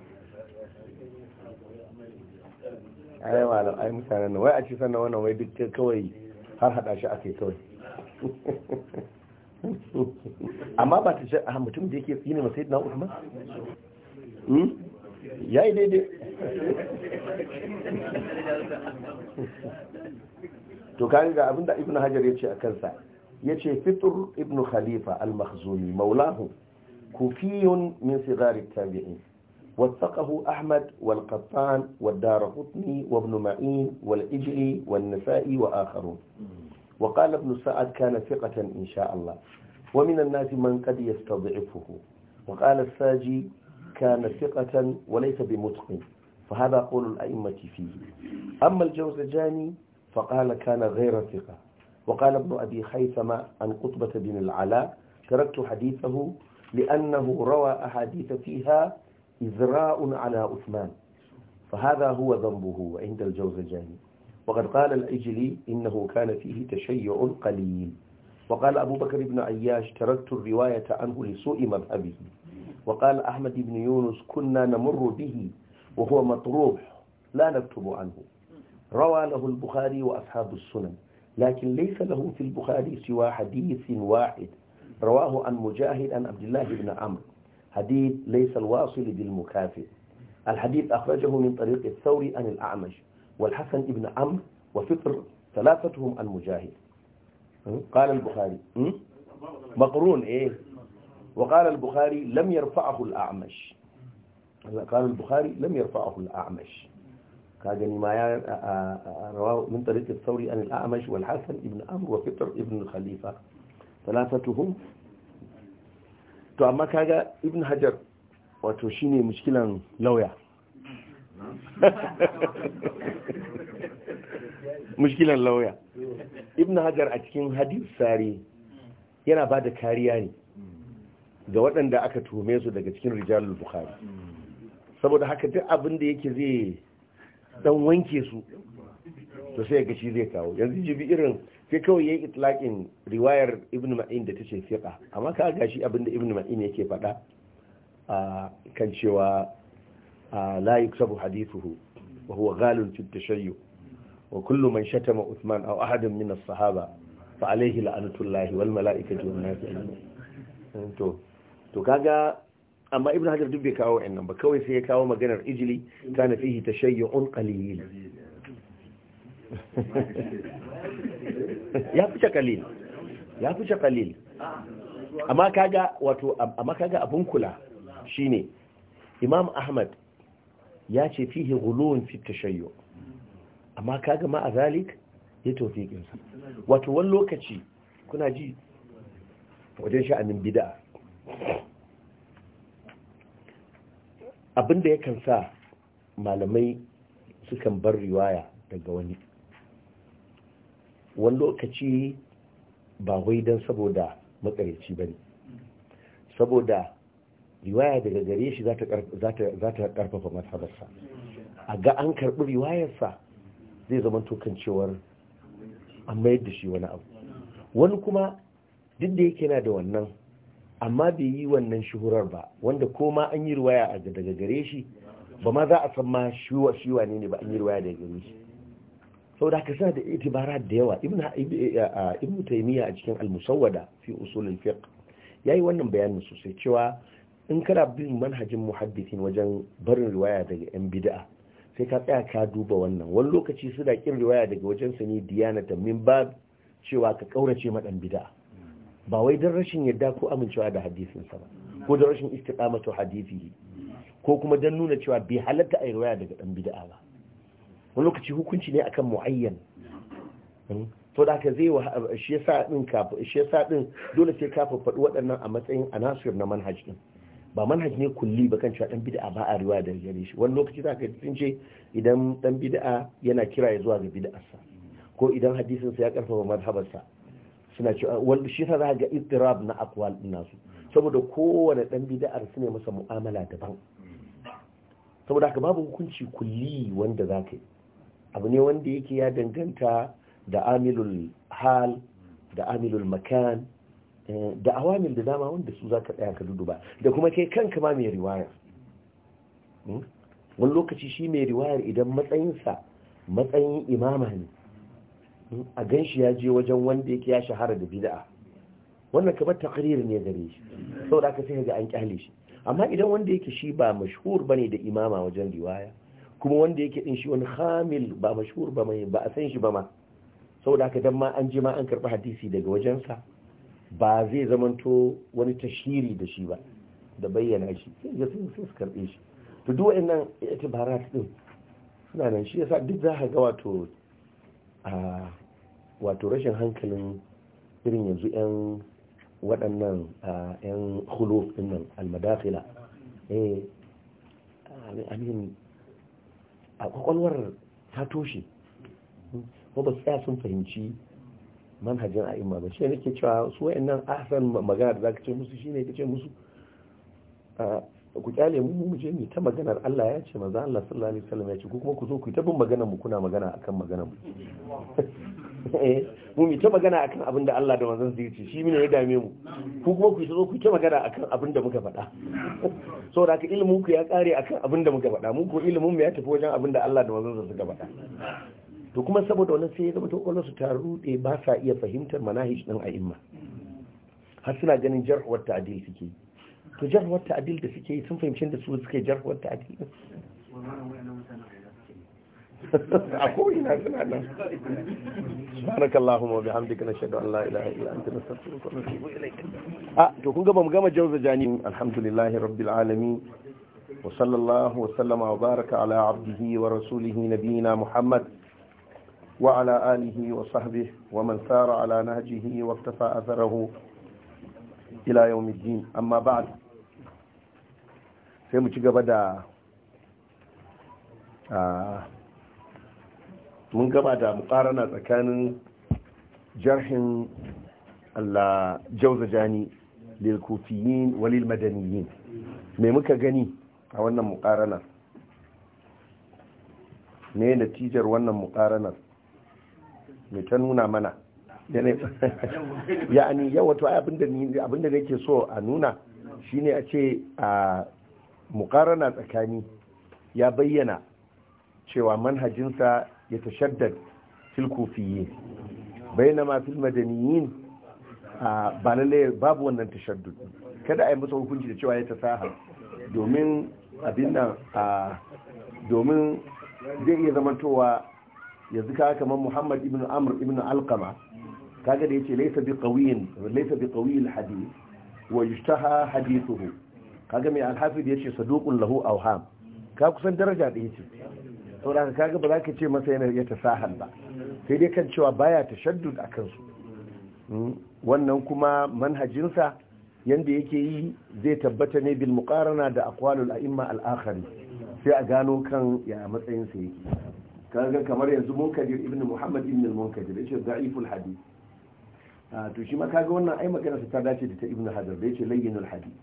S1: ai malam ai mutanen nan wai a ci sannan wannan wai duk kawai har hada shi ake kawai amma ba ta ce a mutum da yake tsine masai na usman hmm? ya yi daidai to kare ga abinda ibn hajar ya ce a kansa ya ce fitur ibn khalifa al-makhzumi maulahu kufiyun min sigari tabi'in وثقه أحمد والقطان والدار قطني وابن معين والإجلي والنسائي وآخرون وقال ابن سعد كان ثقة إن شاء الله ومن الناس من قد يستضعفه وقال الساجي كان ثقة وليس بمتقن فهذا قول الأئمة فيه أما الجوزجاني فقال كان غير ثقة وقال ابن أبي خيثم عن قطبة بن العلاء تركت حديثه لأنه روى أحاديث فيها إذراء على عثمان فهذا هو ذنبه عند الجوزجاني وقد قال العجلي إنه كان فيه تشيع قليل وقال أبو بكر بن عياش تركت الرواية عنه لسوء مذهبه وقال أحمد بن يونس كنا نمر به وهو مطروح لا نكتب عنه روى له البخاري وأصحاب السنن لكن ليس له في البخاري سوى حديث واحد رواه عن مجاهد عن عبد الله بن عمرو حديث ليس الواصل بالمكافئ الحديث أخرجه من طريق الثوري عن الأعمش والحسن ابن عمرو وفطر ثلاثتهم المجاهد قال البخاري مقرون إيه وقال البخاري لم يرفعه الأعمش قال البخاري لم يرفعه الأعمش كاجني ما رواه من طريق الثوري عن الأعمش والحسن ابن عمرو وفطر ابن الخليفة ثلاثتهم to amma kaga ibn hajar wato shine mushkilan lauya mushkilan lauya ibn hajar a cikin hadith sari yana ba da kariya ne ga waɗanda aka tuhume su daga cikin rijalul bukhari saboda haka duk abin da yake zai dan wanke su to sai ga shi zai kawo yanzu jibi irin sai kawai yi itilakin riwayar Ibn ma'in da ta ce fiqa amma ka ga shi abinda ibn ma'in yake faɗa a kan cewa la sabu hadithuhu wa huwa ghalun fi tashayyu wa kullu man shatama uthman aw ahadan min as-sahaba fa alayhi la'natullahi wal mala'ikati wan nas ajma'in to to kaga amma ibn hajar duk bai kawo wa'annan ba kawai sai ya kawo maganar ijili kana fihi tashayyu'un qalil ya fi shakalil ya fi shakalil amma kaga wato amma kaga abun kula shine imam ahmad ya ce fihi ghulun fi tashayyu amma kaga ma a zalik ya tawfiqin sa wato wani lokaci kuna ji wajen sha'anin bid'a abinda kan sa malamai sukan bar riwaya daga wani wani lokaci ba wai don saboda matsalaci ba ne saboda riwaya daga gare shi za ta karfafa a ga an karɓi riwayarsa zai zama tokan cewar an mayar da shi wani abu wani kuma duk da yake na da wannan amma bai yi wannan shuhurar ba wanda ko ma an yi riwaya daga gare shi ba ma za a san ma shi ne ba an yi riwaya daga gare shi saboda ka suna da itibara da yawa ibn eh, eh, ah, taymiya a cikin al-musawwada fi usul al-fiqh yayi wannan bayanin sosai cewa in kana bin manhajin muhaddithin wajen barin riwaya daga yan bid'a sai ka tsaya ka duba wannan wani lokaci suna kin riwaya daga wajen sani diyana ta min bab cewa ka kaurace ma dan bid'a ba wai dan rashin yadda ko amincewa da hadisinsa ba ko dan rashin istiqamatu hadisihi ko kuma dan nuna cewa bai halatta a riwaya daga dan bid'a ba wani lokaci hukunci ne akan mu'ayyan hmm? to da ka zai wa shi yasa din ka shi yasa din dole sai ka faɗi waɗannan a matsayin anasir na manhaj din ba manhaj ne kulli ba kan cewa dan bid'a ba a riwaya da gare shi wani lokaci za ka sun ce idan dan bid'a yana kira ya zuwa ga sa ko idan hadisin sa ya karfafa sa suna cewa Wani shi yasa za ga ittirab na aqwal din nasu saboda kowane dan bid'ar su ne masa mu'amala daban saboda haka babu hukunci kulli wanda za ka yi abu ne wanda yake ya danganta da amilul hal da amilul makan eh, da awamil da dama wanda su za ka tsaya ka duduba da kuma kai kanka ma mai riwaya hmm? wani lokaci shi mai riwaya idan matsayinsa matsayin imama ne hmm? a gan shi ya je wajen wanda yake ya shahara da bida'a. wannan kamar takarir ne gare shi saboda aka sai ga an kyale shi amma idan wanda yake shi ba mashhur bane da imama wajen riwaya kuma wanda yake din shi wani hamil ba mashhur ba mai ba a san shi ba ma saboda haka dan ma an ji ma an karbi hadisi daga wajensa ba zai zamanto wani tashiri da shi ba da bayyana shi sai ga sun su karbe shi to duk wannan itibarat din suna nan shi yasa duk za ka ga wato a wato rashin hankalin irin yanzu yan waɗannan yan hulo ɗin nan almadakila eh amin a kwakwalwar ta toshe ko ba tsaya sun fahimci manhajin imma ba shi nake cewa su wayannan san magana da zaka ce musu Shi ne ka ce musu ku kyale mu mu je ni ta maganar Allah ya ce maza Allah sallallahu alaihi wasallam ya ce ku kuma ku zo ku yi ta bin maganar mu kuna magana akan maganar mu Eh, mu mu ta magana akan abin da Allah da manzon zai ce shi ne ya dame mu ku kuma ku zo ku ta magana akan abin da muka faɗa saboda ka ilimin ku ya kare akan abin da muka faɗa mu ko ilimin mu ya tafi wajen abin da Allah da manzon suka faɗa to kuma saboda wannan sai ya zama to su ta rude ba sa iya fahimtar manahij din a'imma har suna ganin wa ta'dil suke to wa ta'dil da suke sun fahimci da su suke wa ta'dil a ko'ina suna nan subhanaka allahumma wa bihamdika na an allah ilaha illa anta nastaghfiruka wa natubu ilayk ah to kun ga bamu gama jawza jani alhamdulillahi rabbil alamin wa sallallahu wa sallama wa baraka ala abdihi wa rasulihi nabiyyina muhammad wa ala alihi wa sahbihi wa man sara ala nahjihi wa iktafa atharahu ila yawmiddin amma ba'd sai mu ci gaba da ah, mun gama da mukarana tsakanin jarhin Allah Jani, lil kufiyin walil madaniyin me muka gani a wannan mukarana ne natijar wannan mukarana me ta nuna mana ya'ani yau wato abinda abinda nake so a nuna shine a ce a mukarana tsakani ya bayyana cewa manhajinsa يتشدد في الكوفيين بينما في المدنيين ba باب babu wannan tashaddud kada a musu hukunci da cewa ya tasaha domin abin a domin zai iya zamantowa yanzu ka kamar Muhammad ibn Amr ibn Alqama kaga da yace laysa bi qawiyin laysa bi qawiy hadith wa yushtaha hadithuhu kaga mai al-hafiz yace saduqun lahu awham ka kusan daraja da yace saboda kaga ba za ka ce masa yana ya sahan ba sai dai kan cewa baya ta shaddun a kansu hmm? wannan kuma manhajinsa yadda yake yi zai tabbata ne bil muqarana da akwalul a'imma al al'akari sai a gano kan ya matsayin sa yake kaga kamar yanzu munkadir ibn muhammad ibn al-munkadir yace da'iful hadith ah, to shi ma kaga wannan ai magana ta dace da ta ibn hadar da yace layyinul hadith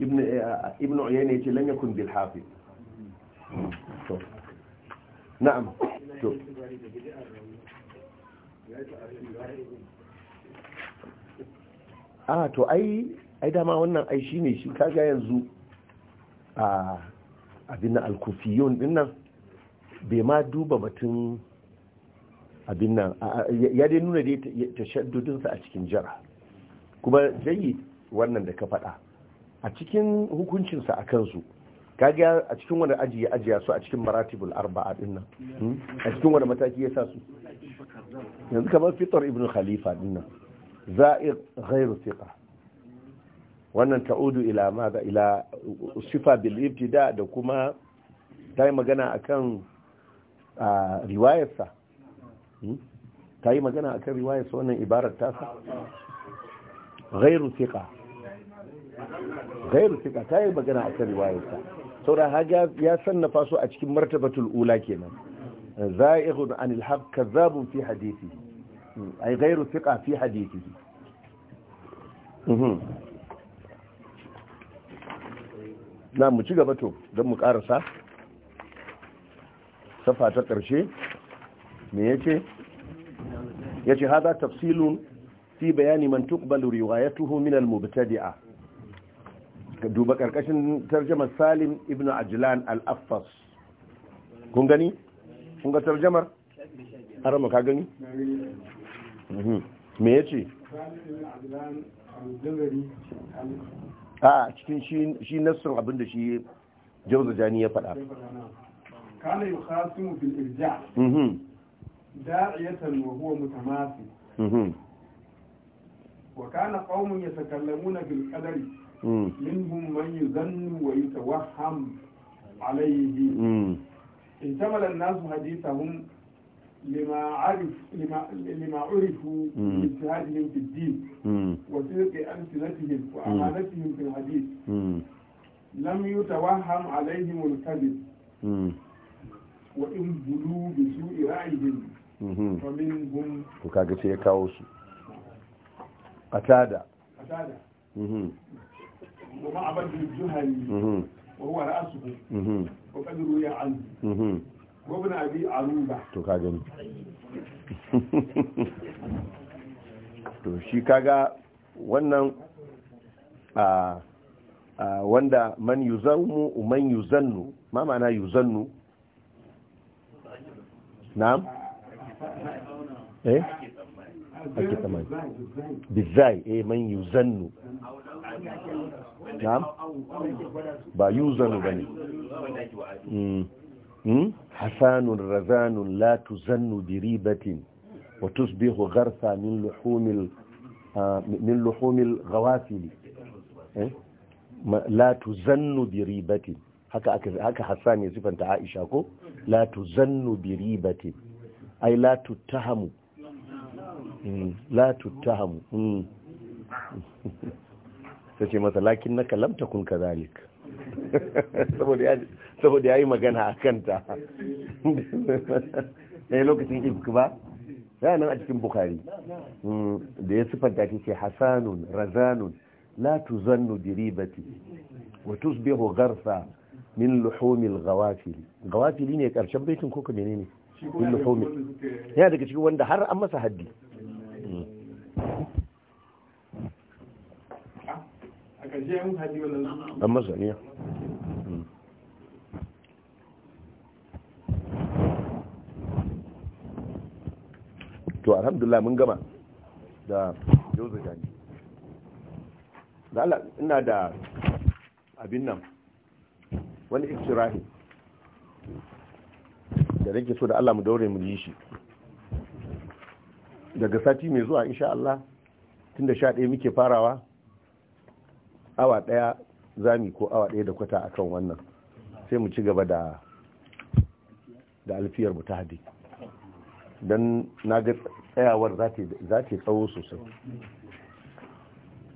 S1: ibn eh, ah, ibn uyayna yace lan yakun bil hafi. Hmm. to na'am to a ah, to ai ai dama wannan ai shine shi kaga yanzu a abin al alkufiyun dinnan bai ma duba batun abin nan ya dai nuna dai sa a cikin jara kuma jayi wannan da ka faɗa a cikin hukuncinsa a kansu kage a cikin wani aji ya ajiya su a cikin maratibul arba'a din nan hmm? a cikin wani mataki ya sa su yanzu kamar fitar ibn khalifa din nan za'iq ghairu thiqa wannan ta'udu ila ma ila sifa bil ibtida da kuma ta yi magana akan riwayarsa hmm? ta yi magana akan riwayarsa wannan ibarar tasa ghairu thiqa ghairu thiqa ta yi magana akan riwayarsa saura haga ya sannafa su a cikin martabatul ula kenan za'ihun anil haqq kadhabun fi hadithihi ay ghayru thiqa fi hadithihi mhm. na mu ci gaba to don mu karasa safa ta karshe me yake yace hada tafsilun fi bayani man tuqbalu riwayatuhu min al-mubtadi'a duba karkashin tarjamar salim ibn ajilan al-affas kun gani? kun ga tarjamar? harama ka gani? Mhm. me ya ce? a cikin shi nassun abinda shi jauza jani ya faɗa
S3: kana yi khasimu bil irja mhm. da'iyatan wa huwa mutamasi mhm. wa kana qaumun yatakallamuna bil qadari منهم من يظن ويتوهم عليه احتمل الناس حديثهم لما عرف لما لما عرفوا باجتهادهم في الدين وصدق امثلتهم وأمانتهم في الحديث لم يتوهم عليهم الكذب وان بلوا بسوء رايهم فمنهم
S1: وكاكسي كاوس
S3: اتادا اتادا عبد الجهني وهو رأسه وقد روي عنه وابن أبي عروبة تكاجن
S1: to shi kaga wannan a wanda man yuzannu man yuzannu ma ma'ana ake tsammani إيه، من eh
S3: نعم
S2: yuzannu na'am
S1: ba حسان رزان لا تزن دريبة وتصبح غرثا من لحوم آه، من لحوم الغوافل إيه؟ لا تزن دريبة هكا هكا حسان يصفنت عائشة لا تزن بريبة أي لا تتهم Mm. la tuttahamu mm. ta ce masa lakin na kalamta kun ka zalik saboda ya yi magana a kanta ya yi eh, lokacin ifk ba nan a cikin bukari mm. da ya siffanta ta ce hasanun razanun la tuzannu diribati wa tusbihu garsa min luhumil gawafili gawafili ne karshen baitin koko ne? min luhumil yana daga cikin wanda har an masa haddi Mm. an masaniya mm. to alhamdulillah mun gama da yau gani da ina da abin nan wani ikirahi da nake so da Allah mu daure mu yi shi daga sati mai zuwa insha Allah tun da sha ɗaya muke farawa awa ɗaya zami ko awa ɗaya da kwata akan wannan sai mu ci gaba da da alfiyar mu ta hadi don na ga tsayawar za ta tsawo sosai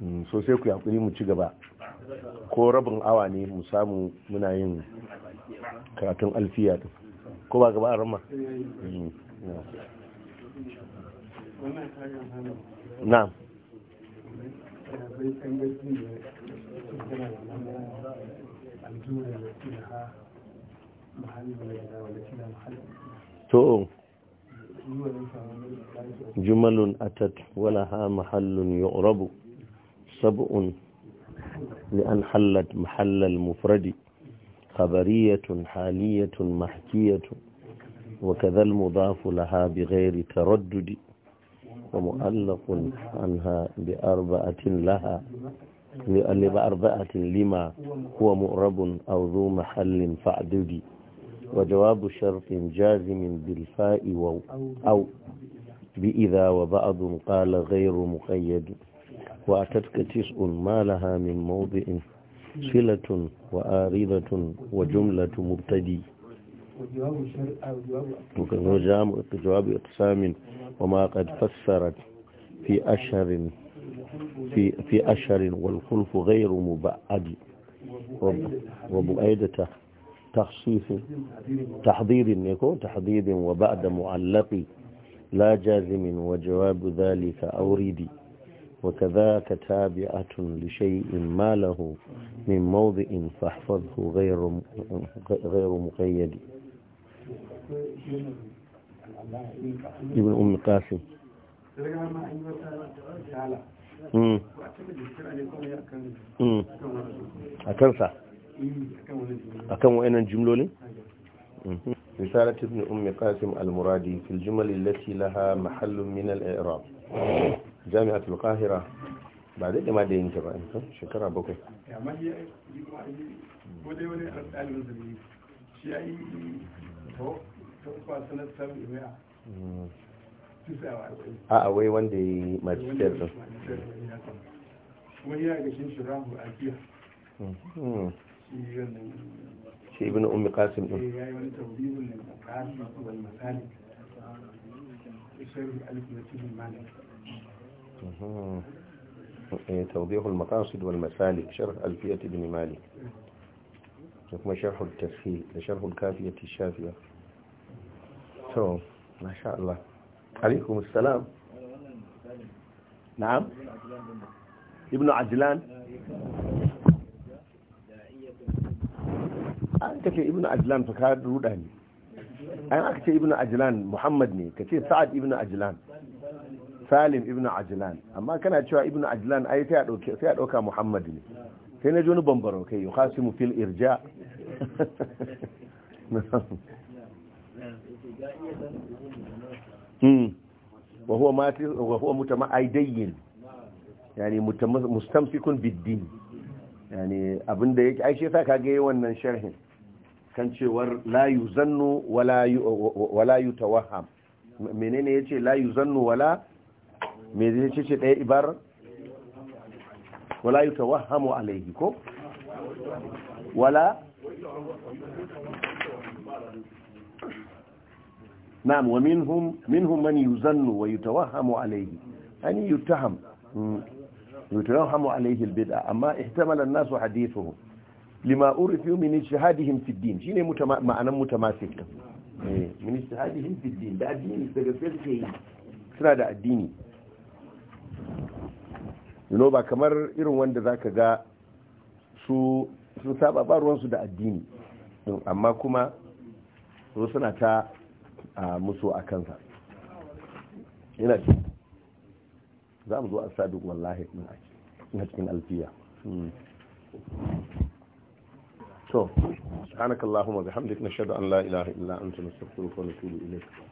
S1: mm, sosai ku yaƙuri mu ci gaba ko rabin awa ne mu samu muna yin karatun alfiya ko ba gaba a rama mm,
S3: نعم
S1: جمل أتت ولها محل يعرب سبع لأن حلت محل المفرد خبرية حالية محكية وكذا المضاف لها بغير تردد ومؤلف عنها بأربعة لها بأربعة لما هو مؤرب أو ذو محل فعددي وجواب شرط جازم بالفاء أو بإذا وبعض قال غير مقيد وأتتك تسع ما لها من موضع صلة وآرضة وجملة مبتدي
S3: وجواب شرع
S1: وجواب اقسام وما قد فسرت في أشهر في في أشهر والخلف غير مبعد وبؤيدة تخصيص تحضير يكون تحضير وبعد معلق لا جازم وجواب ذلك أوريدي وكذاك تابعة لشيء ما له من موضع فاحفظه غير غير مقيد ibn ummi qasim
S3: hmm. Hmm. a
S1: kansa a kan wa'inan jimloli? Hmm. risala ibn ummi qasim al-muradi fil jimali lati laha mahallun min al-iraq jami'at ba zai dama da yanke ba yankan shekara bakwai a wai wanda ya yi magister din
S3: kuma yana gashin shirahu a biya
S1: shi ibn ummi qasim din
S3: ya yi wani tawbihul lil maqasid wal masalik sharh alif nasib malik
S1: توضيح المقاصد والمسالك شرح ألفية ابن مالك كما شرح التفصيل لشرح الكافية الشافية تو ما شاء الله عليكم السلام نعم ابن عجلان أنت في ابن عجلان فكاد روداني أنا أكتب ابن عجلان محمد محمدني كتير سعد ابن عجلان سالم ابن عجلان أما كان أشوا ابن عجلان أي تعد أو تعد أو كمحمدني هنا جون بمبرو كي يخاصم في الإرجاء وهو ما وهو wa huwa mutama'idayyin yani mustamsikun biddin yani yake ai shi yasa kage wannan sharhin kan cewar la yuzannu wala wala yutawahham menene yace la yuzannu wala me zai ce ce daya ibar wala yutawahhamu alayhi ko wala نعم ومنهم منهم من يزن ويتوهم عليه أن يتهم يتوهم عليه البدع أما احتمل الناس حديثه لما أورثوا من اجتهادهم في الدين شيني معنى متماسك من اجتهادهم في الدين ده الدين استغفر شيء suna ده الدين ينوبا كمر ba kamar irin wanda su sun saba ba ruwansu da addini amma kuma su suna ta musu a kansa ina ce za mu zo a sadu wallahi ina cikin alfiya hmm. to subhanakallahumma bihamdika nashhadu an la ilaha illa anta nastaghfiruka wa natubu ilayk